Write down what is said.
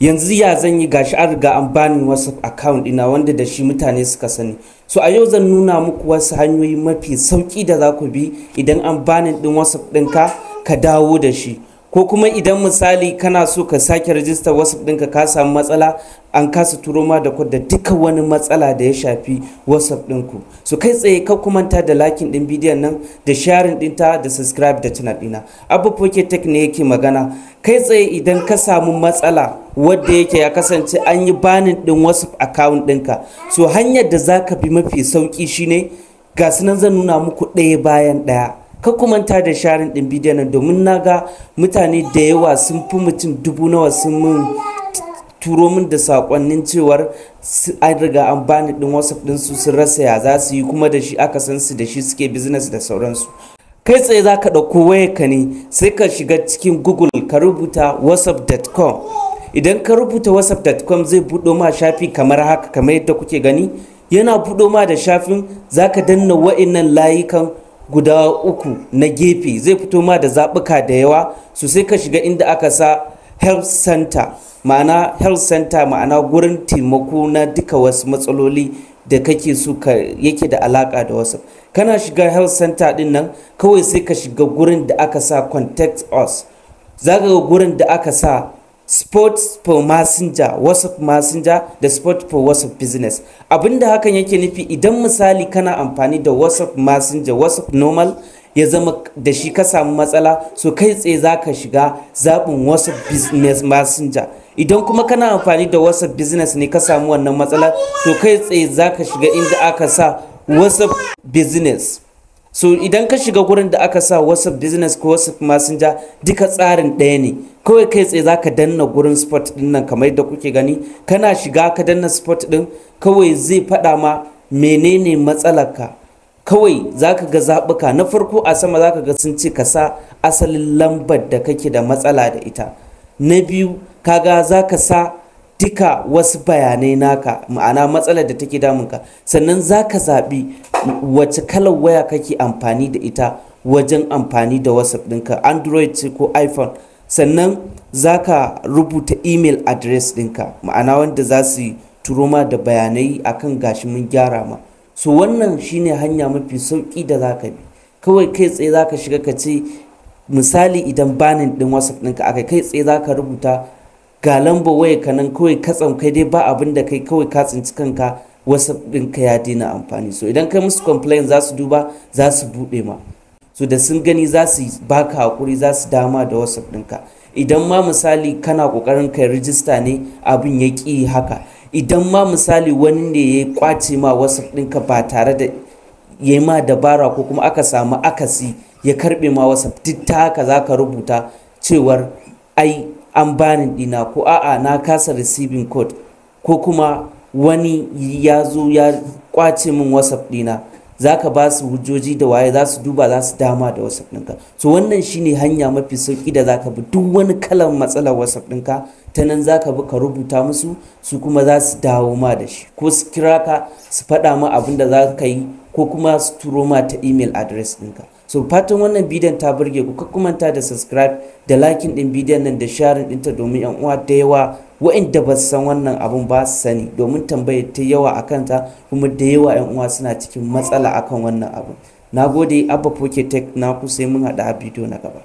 yanzu ya zan yi gashi an riga an bani wasu account ina wanda da shi mutane suka sani so a yau zan nuna muku wasu hanyoyi mafi sauki da za ku bi idan an bani din wasu ɗinka ka dawo da shi ko kuma idan misali kana so ka sake rajistar wasu ɗinka ka samu matsala an kasa turo ma da da duka wani matsala da ya shafi whatsapp ɗinku so kai tsaye ka kumanta da lakin din bidiyon nan da sharing ta da subscribe da channel ɗina abu poke tech ne yake magana kai tsaye idan ka samu matsala wadda yake ya kasance an yi banin din wasu account ɗinka so hanyar da za ka bi mafi sauƙi shine ga nan zan nuna muku ɗaya bayan ɗaya ka kumanta da sharin ɗin bidiyon nan domin na ga mutane da yawa sun fi mutum dubu nawa sun min turo min da sakonnin cewar an riga an bani ɗin wasu su sun rasa ya za su yi kuma da shi aka san su da shi suke business da sauransu kai tsaye za ka ɗauko wayarka ne sai ka shiga cikin google ka rubuta whatsapp.com idan ka rubuta whatsapp.com zai buɗo ma shafi kamar haka kamar yadda kuke gani yana buɗo ma da shafin za ka danna wa'innan layukan guda uku na gefe zai fito ma da zaɓuka da yawa su sai ka shiga inda aka sa health center ma'ana health center ma'ana gurin taimako na duka wasu matsaloli da kake so ka yake da alaka da wasu kana shiga health center din nan kawai sai ka shiga gurin da aka sa contact us za ga gurin da aka sa sports for messenger whatsapp messenger da sports for whatsapp business abinda hakan yake nufi idan misali kana amfani da whatsapp messenger whatsapp normal ya zama da shi ka samu matsala so kai tsaye za ka shiga zabin whatsapp business messenger idan kuma kana amfani da whatsapp business ne ka samu wannan matsala to kai tsaye za ka shiga inda aka sa whatsapp business so idan ka shiga gurin da aka sa whatsapp business ko whatsapp masinja duka tsarin ɗaya ne kawai kai tsaye za ka danna gurin spot ɗin nan kamar da kuke gani kana shiga ka danna spot ɗin kawai zai faɗa ma menene matsalarka kawai za ka ga zaɓuka na farko a sama za ka ga sun ce ka sa asalin lambar da kake da matsala da ita na biyu ka ga za ka sa duka wasu bayanai naka ma'ana matsalar da take damunka sannan za ka zaɓi wace kalar waya kake amfani da ita wajen amfani da whatsapp ɗinka android ce ko iphone sannan za ka rubuta email address dinka, ma'ana wanda za su turo ma da bayanai akan gashi mun gyara ma so wannan shine hanya mafi sauki da za ka bi kawai kai tsaye za ka shiga ka ce misali idan banin ɗin whatsapp ɗinka aka kai tsaye za ka rubuta ga lamba waya kanan nan kawai ka kai dai ba abin da kai kawai ka tsinci kanka ɗin ɗinka ya daina amfani so idan kai musu complain za su duba za su buɗe ma so da sun gani za su baka hakuri za su dama da wasaf ɗinka idan ma misali kana ƙoƙarin kai rijista ne abin ya ƙi haka idan ma misali wani ne ya kwace ma wasaf ɗinka ba tare da ya ma dabara ko kuma aka samu akasi ya karɓe ma wasu duk ta haka za ka rubuta cewar ai an bani ɗina ko a'a na kasa receiving code ko kuma wani ya zo ya kwace min wasaf dina za ka ba su hujjoji da waye za su duba za su dama da whatsapp ɗinka so wannan shine hanya mafi sauki da za ka bi duk wani kalan matsalar wasaf ɗinka ta nan za ka bi ka rubuta musu su kuma za su dawo ma da shi ko su kira ka su faɗa ma abin da za ka yi ko kuma su turo ma ta email address ɗinka so fatan wannan bidiyon ta burge ku ka kumanta da subscribe da liking ɗin bidiyon nan da sharing ɗinta domin 'yan uwa da yawa wa'inda ba san wannan abun ba su sani domin tambayar ta yawa a kanta kuma da yawa 'yan uwa suna cikin matsala akan wannan abun na gode abba poke tech na ku sai mun haɗa a bidiyo na gaba